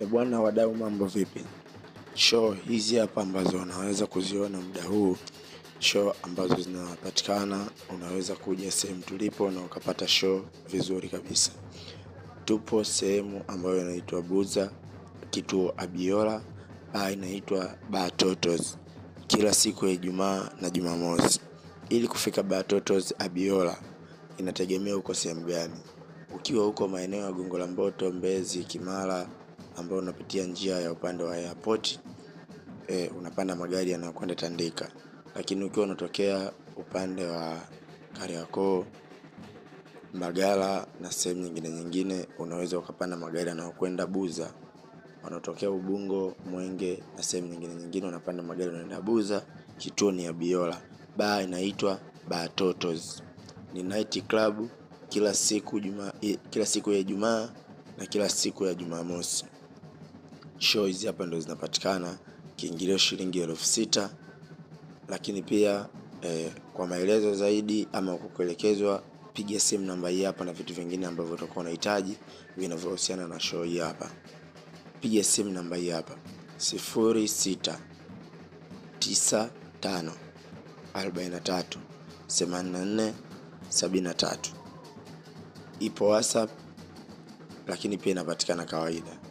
ebwana eh, bwana, wadau, mambo vipi? Show hizi hapa ambazo unaweza kuziona muda huu, show ambazo zinapatikana, unaweza kuja sehemu tulipo na ukapata show vizuri kabisa. Tupo sehemu ambayo inaitwa Buza, kituo Abiola, baa inaitwa Bar Totos, kila siku ya Ijumaa na Jumamosi. Ili kufika Bar Totos Abiola inategemea uko sehemu gani. Ukiwa huko maeneo ya Gongo la Mboto, Mbezi, Kimara ambao unapitia njia ya upande wa airport e, unapanda magari yanayokwenda Tandika, lakini ukiwa unatokea upande wa Kariakoo, Mbagala na sehemu nyingine nyingine, unaweza ukapanda magari yanayokwenda Buza. Wanaotokea Ubungo, Mwenge na sehemu nyingine nyingine, unapanda magari unaenda Buza. Kituo ni Biola. baa inaitwa Bar Totos, ni night club kila siku juma, kila siku ya Ijumaa na kila siku ya Jumamosi show hizi hapa ndo zinapatikana, kiingilio shilingi elfu sita. Lakini pia eh, kwa maelezo zaidi ama kukuelekezwa, piga simu namba hii hapa na vitu vingine ambavyo utakuwa unahitaji vinavyohusiana na show hii hapa. Piga simu namba hii hapa sifuri sita Ipo WhatsApp lakini pia inapatikana kawaida.